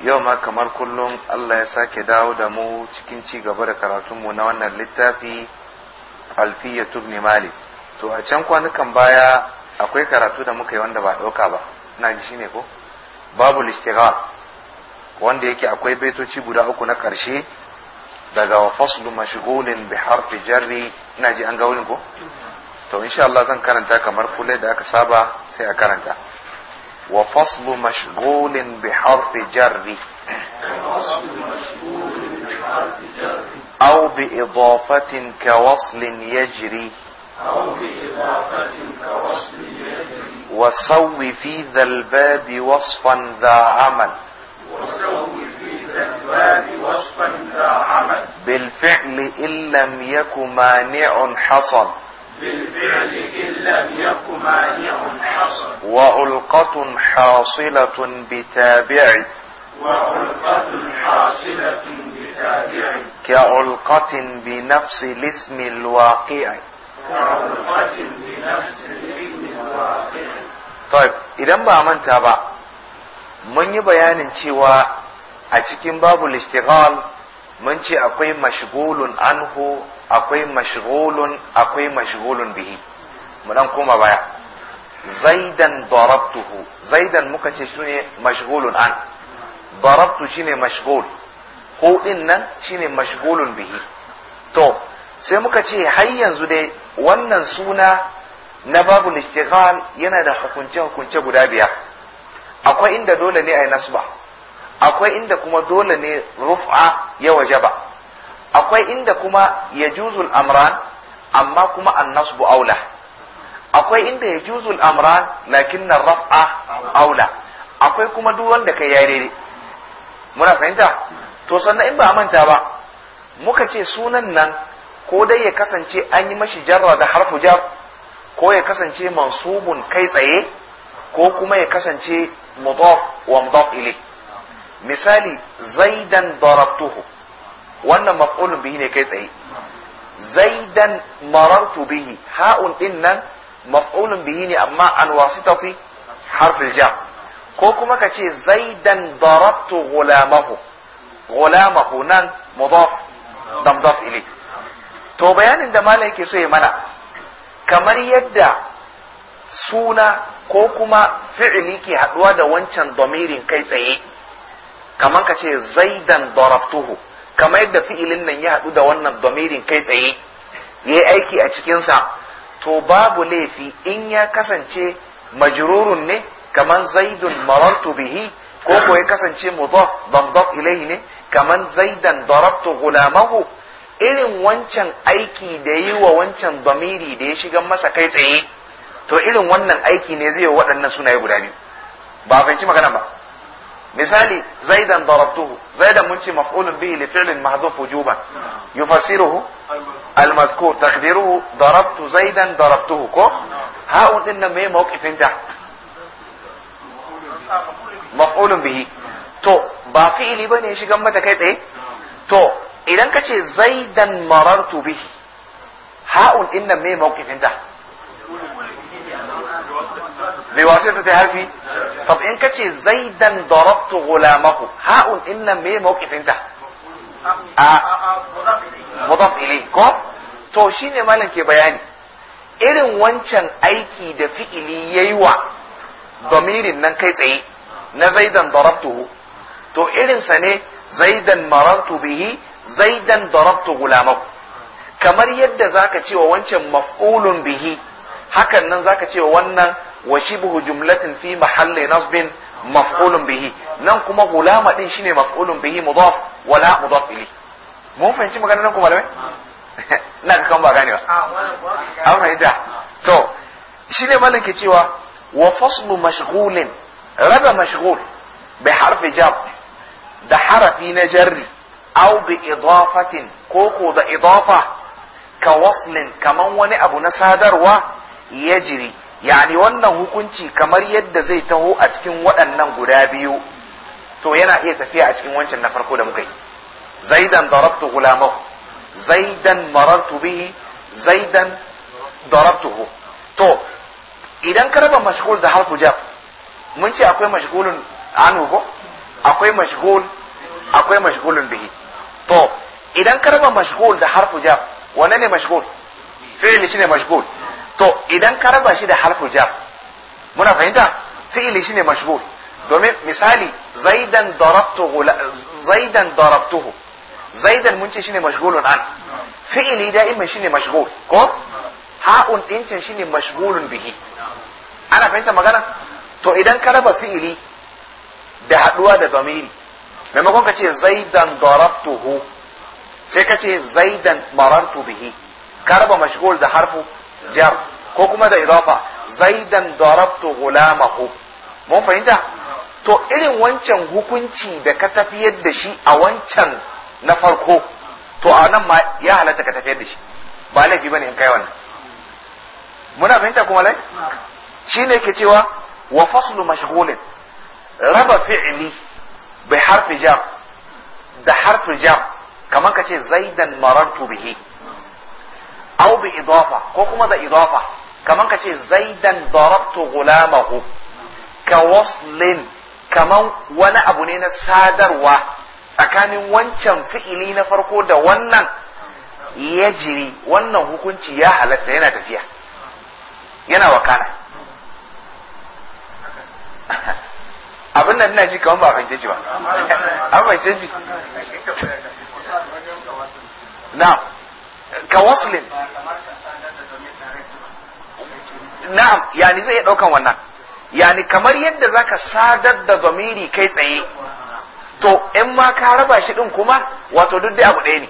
yau ma kamar kullum Allah ya sake dawo da mu cikin ci gaba da karatunmu na wannan littafi alfiya tubni mali to a can kwanukan baya akwai karatu da muka yi wanda ba ɗauka ba na ji ne ko babu listighar wanda yake akwai baitoci guda uku na ƙarshe daga wa faslu mashigulin bi harfi jarri ina ji an ga wani ko to insha Allah zan karanta kamar kullai da aka saba sai a karanta وفصل مشغول بحرف جر أو بإضافة كوصل يجري وسو في ذا الباب وصفا ذا عمل بالفعل إن لم يك مانع حصل بالفعل إن لم يكن مانع وعلقة حاصلة بتابع وعلقة حاصلة بتابع كعلقة بنفس الاسم الواقع كعلقة بنفس الاسم الواقع طيب إذا ما manta ba mun yi bayanin cewa a cikin babu lishtigal mun ce akwai mashigulun anhu akwai mashigulun akwai mashigulun bihi mu dan koma baya zaidan darabtuhu zaidan muka ce shine mashghulun an darabtu shine mashghul ko dinnan nan shine mashghulun bihi to sai muka ce har yanzu dai wannan suna na babu istighal yana da hukunce hukunce guda biyar akwai inda dole ne a nasba akwai inda kuma dole ne rufa ya wajaba akwai inda kuma yajuzul amran amma kuma annasbu aula akwai inda ya juzul amran lakin na raf'a aula akwai kuma duk wanda kai yare ne muna fahimta to sannan in ba a manta ba muka ce sunan nan ko dai ya kasance an yi mashi jarra da harfu jar ko ya kasance mansubun kai tsaye ko kuma ya kasance mudaf wa mudaf ilay misali zaidan darabtuhu wannan maf'ulun bihi ne kai tsaye zaidan marartu bihi ha'un din nan maf'ulun bihi ne amma an wasitati harfil jar ko kuma ka ce zaidan darabtu gulamahu gulamahu nan mudaf damdaf ilai to bayanin da malai ke so ya mana kamar yadda suna ko kuma fi'ili ke haduwa da wancan domirin kai tsaye kamar ka ce zaidan darabtuhu kamar yadda fi'ilin nan ya haɗu da wannan domirin kai tsaye ya yi aiki a cikinsa to babu laifi in ya kasance majrurun ne kaman zaidun marartu bihi ko ko ya kasance mudaf damdaf ilayhi ne kaman zaidan darabtu gulamahu irin wancan aiki da yi wa wancan damiri da ya shiga masa kai tsaye to irin wannan aiki ne zai yi waɗannan sunaye guda biyu ba fahimci magana ba مثالي زيدا ضربته زيدا منشي مفعول به لفعل محذوف وجوبا يفسره المذكور تخديره ضربت زيدا ضربته كو هاؤن ان ما موقف انت مفعول به تو با بني شي غمه تكيت إيه؟ تو اذا كتشي زيدا مررت به هاؤن ان ما موقف انت بواسطه حرفي طب إن كتي زيدا ضربت غلامه هاء إن مي موقف أنت مضاف إليه كو to shi malam ke bayani irin wancan aiki da fi'ili ya yi wa domirin nan kai tsaye na zaidan darabtuhu to irinsa ne zaidan marartu bihi zaidan darabtu gulamahu kamar yadda zaka ce wa wancan maf'ulun bihi hakan nan zaka ce wa wannan wa shibhu jumlatin fi mahalli nasbin maf'ulun bihi nan kuma gulama din shine maf'ulun bihi mudaf wala mudaf ilayhi mun fahimci maganar nan ku malamai na ga kan ba gane ba ah, an fahimta ah. to shine malam ke cewa wa faslu mashghulin raba mashghul bi harfi jab da harafi na jarri aw bi idafatin ko da idafa ka waslin kaman wani abu na sadarwa ya jiri yani wannan hukunci kamar yadda zai taho a cikin waɗannan guda biyu to yana iya tafiya a cikin wancan na farko da muka yi zaidan darabtu gulamahu zaidan marartu bihi zaidan darabtuhu to idan ka raba mashghul da harfu jar mun ce akwai mashghulun anhu ko akwai mashghul akwai mashghulun bihi to idan ka raba mashghul da harfu jar wanne ne mashghul fi'li shine mashghul to idan ka raba shi da harful jar muna fahimta fi'ili shine mashghul domin misali zaidan darabtuhu zaidan darabtuhu zaidan mun ce shine mashghulun an fi'ili da'iman shine mashghul ko ha'un dincin shine mashghulun bihi ana fahimta magana to idan ka raba fi'ili da haduwa da zamiri maimakon ka ce zaidan darabtuhu sai ka ce zaidan marartu bihi ka raba mashghul da harfu jar ko kuma da idafa zaidan darabtu gulamahu mun fahimta to irin wancan hukunci da ka tafiyar da shi a wancan na farko to a nan ma ya halatta ka tafiyar da shi ba laifi bane in kai wannan muna fahimta kuma lai shine yake cewa wa faslu mashghulin raba fi'li bi harfi jar da harfi jar kamar ka ce zaidan marartu bihi au bi idafa ko kuma da idafa kaman ka ce zaidan darabtu gulamahu ka waslin kaman wani abu ne na sadarwa tsakanin wancan fi'ili na farko da wannan ya jiri wannan hukunci ya halatta yana tafiya yana wakana abin da ina ji kaman ba fahimce ba an fahimce ji na ka waslin na'am yani zai iya ɗaukan wannan yani kamar yadda zaka sadar da zamiri kai tsaye to in ma ka raba shi din kuma wato duk dai abu ɗaya ne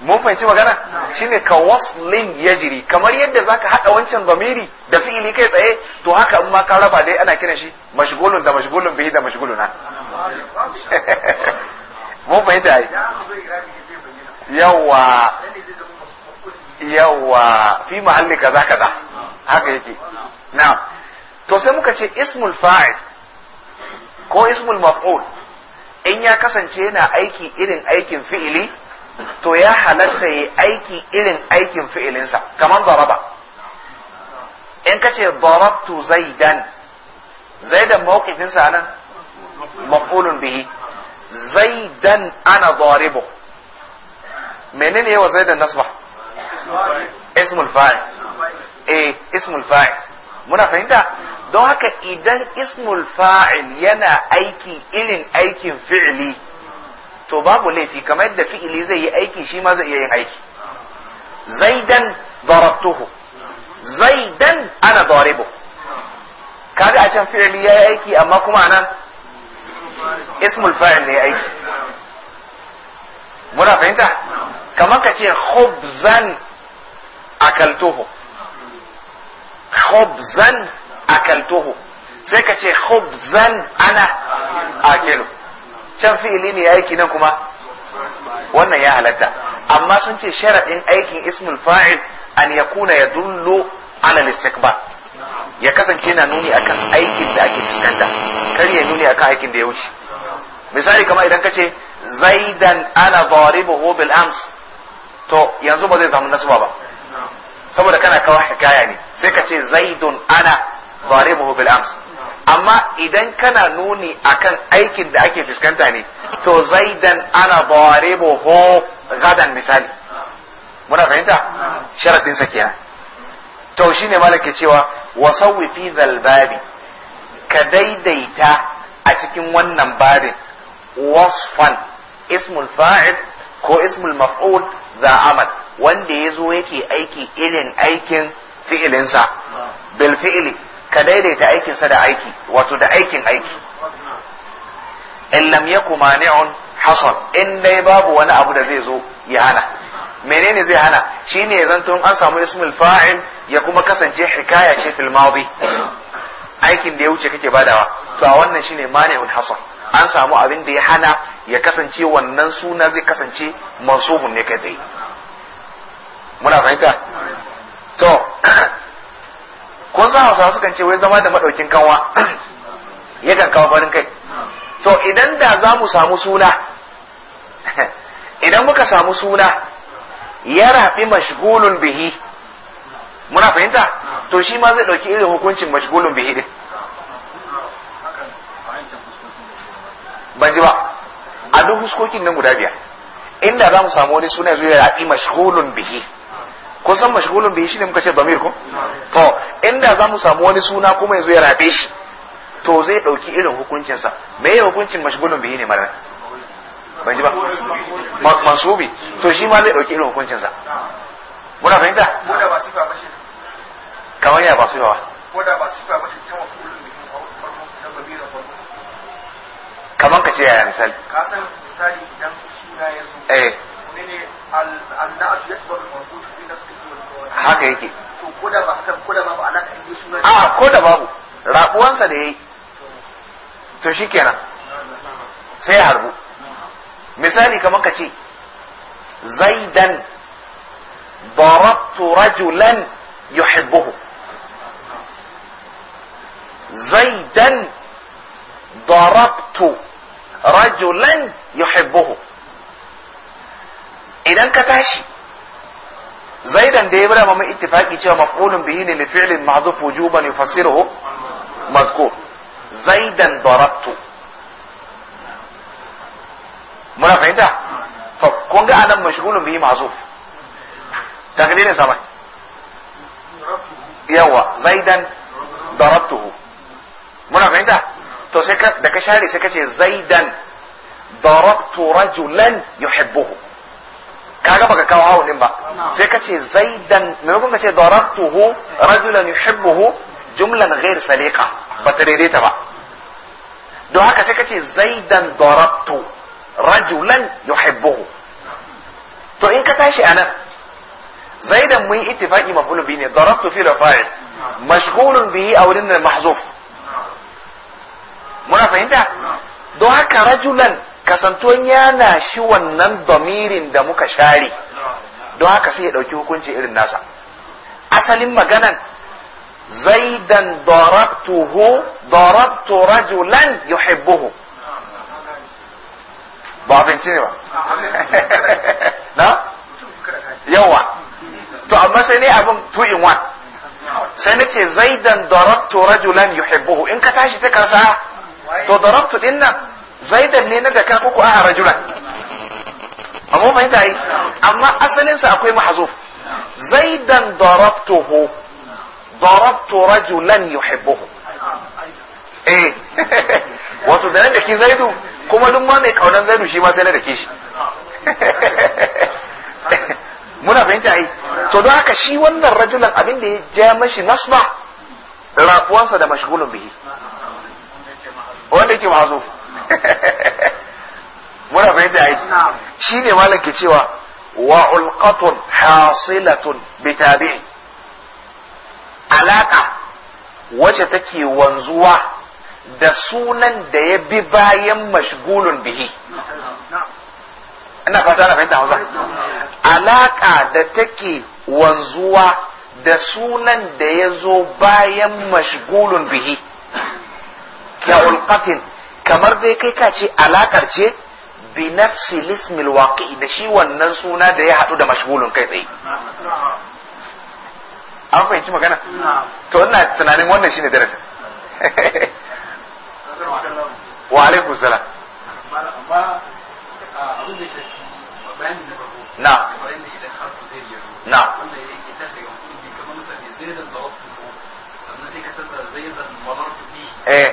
mun fahimci magana shine ka waslin yajri kamar yadda zaka haɗa wancan zamiri da fi'ili kai tsaye to haka in ma ka raba dai ana kiran shi mashgulun da mashgulun bihi da mashguluna mun fahimta ai yawa yawa fi mahalli kaza kaza haka yake na to sai muka ce ismul fa'il ko ismul maf'ul in ya kasance yana aiki irin aikin fi'ili to ya halatta yi aiki irin aikin fi'ilinsa kamar daraba in kace ce darabtu zaidan zaidan mawqifinsa nan maf'ulun bihi zaidan ana daribu menene yawa zaidan nasba ismul fa'il eh ismul fa'il muna fahimta don haka idan ismul fa'il yana aiki irin aikin fi'ili to babu laifi kamar yadda fi'ili zai yi aiki shi ma zai iya yin aiki zaidan darabtuhu zaidan ana daribu kaga a can fi'ili ya yi aiki amma kuma nan? ismul fa'il ne aiki muna fahimta kamar ka ce khubzan akaltuhu khubzan akaltuhu sai ka ce khubzan ana akilu can fi'ili ne aiki nan kuma wannan ya halatta amma sun ce sharaɗin aikin ismul fa'il an kuna ya dullo al-istiqbal ya kasance na nuni akan aikin da ake fuskanta kar ya nuni akan aikin da ya wuce misali kamar idan ka ce zaidan ana daribuhu bil ams to yanzu ba zai samu nasuwa ba saboda kana kawo hikaya ne sai ka ce zaidun ana zaribuhu bil ams amma idan kana nuni akan aikin da ake fuskanta ne to zaidan ana zaribuhu gadan misali muna fahimta sharadin sa kenan to shine malaka cewa wasawwi fi zalbabi ka daidaita a cikin wannan babin wasfan ismul fa'il ko ismul maf'ul za amal wanda ya zo yake aiki irin aikin fi'ilinsa bil fi'ili ka daidaita aikinsa da aiki wato da aikin aiki in lam yaku mani'un hasan in dai babu wani abu da zai zo ya hana menene zai hana shine zanto an samu ismul fa'il ya kuma kasance hikaya ce fil madi aikin da ya wuce kake badawa to a wannan shine mani'un hasan an samu abin da ya hana ya kasance wannan suna zai kasance mansuhun ne kai tsaye muna fahimta to kun san hausawa sukan ce wai zama da madaukin kanwa yakan kawo farin kai to idan da za mu samu suna idan muka samu suna ya rafi mashgulun bihi muna fahimta to shi ma zai ɗauki irin hukuncin mashgulun bihi din ban ji ba a duk huskokin nan guda biyar inda za mu samu wani suna ya rafi mashgulun bihi kun san mashgulun bihi shine muka ce damir ko to inda za mu samu wani suna kuma yanzu ya rabe shi to zai dauki irin hukuncin sa me ya hukuncin mashgulun bihi ne mara ban ji ba mansubi to shi ma zai dauki irin hukuncin sa muna fahimta koda ba sifa ba shi kamar ya ba su ba koda ba sifa ba shi ta mafulun bihi ta damir kamar ka ce yaya misali ka san misali idan suna yanzu eh ne al-na'at yakbaru al-mawjud haka yake babu a ko da babu rabuwansa da yayi to shikenan sai harbu misali kamar ka ce zaidan ضربت rajulan يحبه زيدا ضربت idan ka tashi wancan da ya bada mamu ittifaki cewa maf'ulun bihi ne li fi'lin mahdhuf wujuban yufassiruhu mazkur zaidan darabtu muna fahimta to kun ga anan mashghulun bihi mahzuf takdirin sa mai yawa zaidan darabtuhu muna fahimta to sai da ka share sai ka ce zaidan darabtu rajulan yuhibbuhu kaga baka kawo hawun din ba sai ka ce zaidan maimakon ka ce darabtuhu rajulan yuhibbuhu jumlan ghair saliqa ba ta daidaita ba don haka sai ka ce zaidan darabtu rajulan yuhibbuhu to in ka tashi anan zaidan mun ittifaqi maf'ul bihi ne darabtu fi rafa'il mashghulun bihi aw lin mahzuf muna fahimta don haka rajulan kasantuwan yana shi wannan domirin da muka share don haka sai ya ɗauki hukunci irin nasa asalin maganan zaidan darabtuhu darabtu rajulan yuhibbuhu ba abinci ne ba na yawa to amma sai ne abin two in one sai na ce zaidan darabtu rajulan yuhibbuhu in ka tashi ta kasa to darabtu din nan zaidan ne na daka ko ko a rajulan amma mai tare amma asalin sa akwai mahzuf zaidan darabtuhu darabtu rajulan yuhibbuhu eh wato da da ki zaidu kuma duk ma mai kaunan zaidu shi ma sai na dake shi muna fahimta ai to don haka shi wannan rajulan abin da ya ja mashi nasba rafuwansa da mashgulun bihi wanda yake mahzuf muna fahimta aiki shi ne malam ke cewa wa ulqatun hasilatun bi tabi'i alaka wacce take wanzuwa da sunan da ya bi bayan mashgulun bihi ina fata na fahimta hausa alaka da take wanzuwa da sunan da ya zo bayan mashgulun bihi ka ulqatin kamar dai kai ka ce alakar ce bi nafsi lismil waqi'i da shi wannan suna da ya hadu da mashgulun kai tsaye an fahimci magana to ina tunanin wannan shine darasin wa alaikum salam na na eh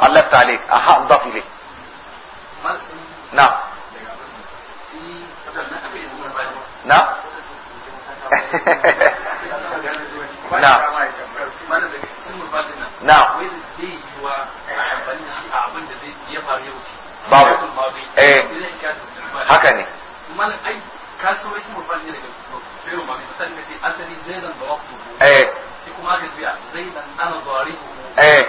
allafta a aha zaf ilai na na na na babu eh haka ne eh, eh. eh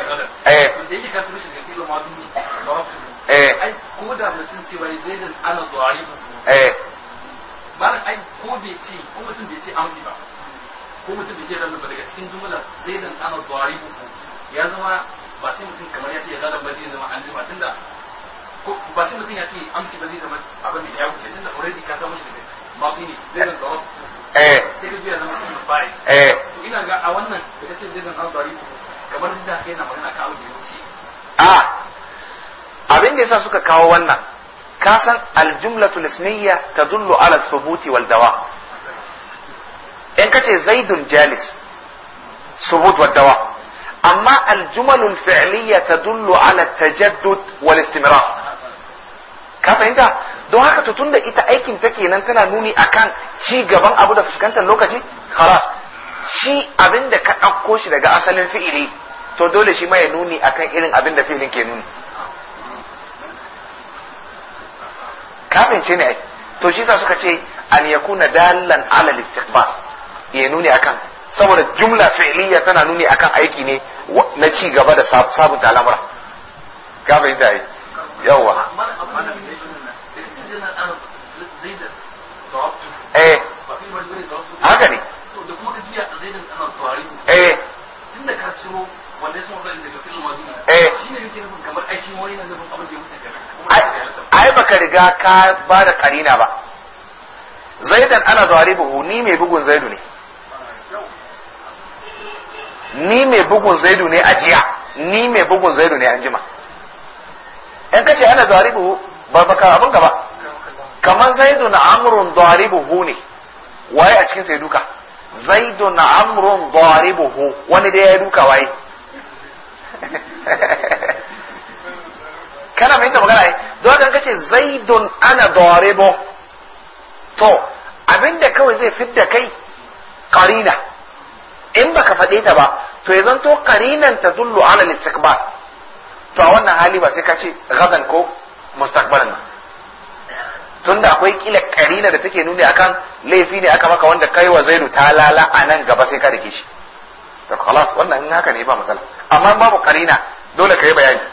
ba sai mutum ya ce amsi ba zai zama abin da ya wuce already ka samu shi ne eh. sai ka juya zama sun da fari eh. yasa suka kawo wannan ka san aljumlatul ismiyya tadullu ala thubuti wal dawa in kace zaidun jalis subut wal dawa amma aljumalul fi'liyya tadullu ala tajaddud wal istimrar ka fahimta don haka to tunda ita aikin ta kenan tana nuni akan ci gaban abu da fuskantar lokaci khalas shi abin da ka ɗauko shi daga asalin fi'ili to dole shi ma ya nuni akan irin abin da fi'ilin ke nuni ka fahimce ne ai to shi sa suka ce an yakuna dallan ala istiqbal ya nuni akan saboda jumla fi'liya tana nuni akan aiki ne na ci gaba da sabunta al'amura ka da ai yawa eh haka ne eh tunda ka ciro wanda ya sun da filin wajen eh shi ne yake nufin kamar aishi wani na nufin ai baka riga ka ba da karina ba zaidan ana buhu ni mai bugun zaidu ne ni mai bugun zaidu ne a jiya ni mai bugun zaidu ne an jima in kace ana buhu ba baka abin gaba kamar Amurin amrun buhu ne waye a cikin sai duka Amurin amrun buhu wani da ya duka waye kana mai ta magana don haka kace zaidun ana daribo to abinda kawai zai fidda kai karina in baka faɗe ta ba to ya zanto karinan ta dullu ala istiqbal to a wannan hali ba sai ka ce gadan ko mustaqbalan tunda akwai kila karina da take nuni akan laifi ne aka maka wanda kai wa zaidu ta lala a nan gaba sai ka rike shi to khalas wannan in haka ne ba matsala amma babu karina dole ka yi bayani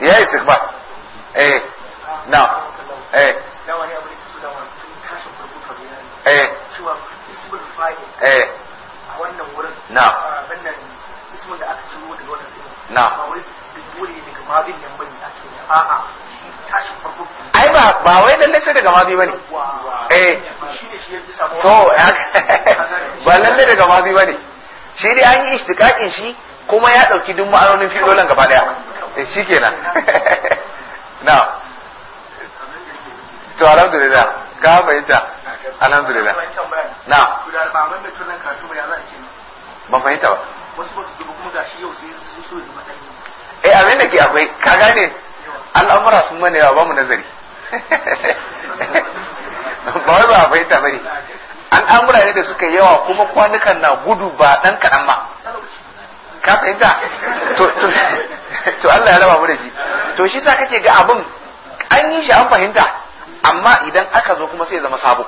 ya yi istighfar eh na eh, eh. eh. na ba wai ai ba ba wai lalle sai daga mazi bane eh to ba lalle daga mazi bane shi dai an yi istiqaqin shi kuma ya dauki duk ma'anonin fi'lolan gaba daya eh shi kenan na to alhamdulillah ka fahimta alhamdulillah na ba fahimta ba ba eh abin da ke akwai ka gane al'amura sun mani ba mu nazari ba wai ba a fahimta ne an amura ne da suka yawa kuma kwanukan na gudu ba dan kaɗan ba ka fahimta to to Allah ya raba mu da shi to shi sa kake ga abin an yi shi an fahimta amma idan aka zo kuma sai ya zama sabo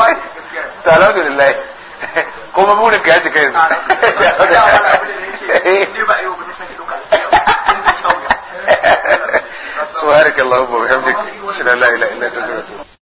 eh. ta alhamdulillah kuma burin ka ya cika yanzu سبحانك اللهم وبحمدك اشهد ان لا اله الا انت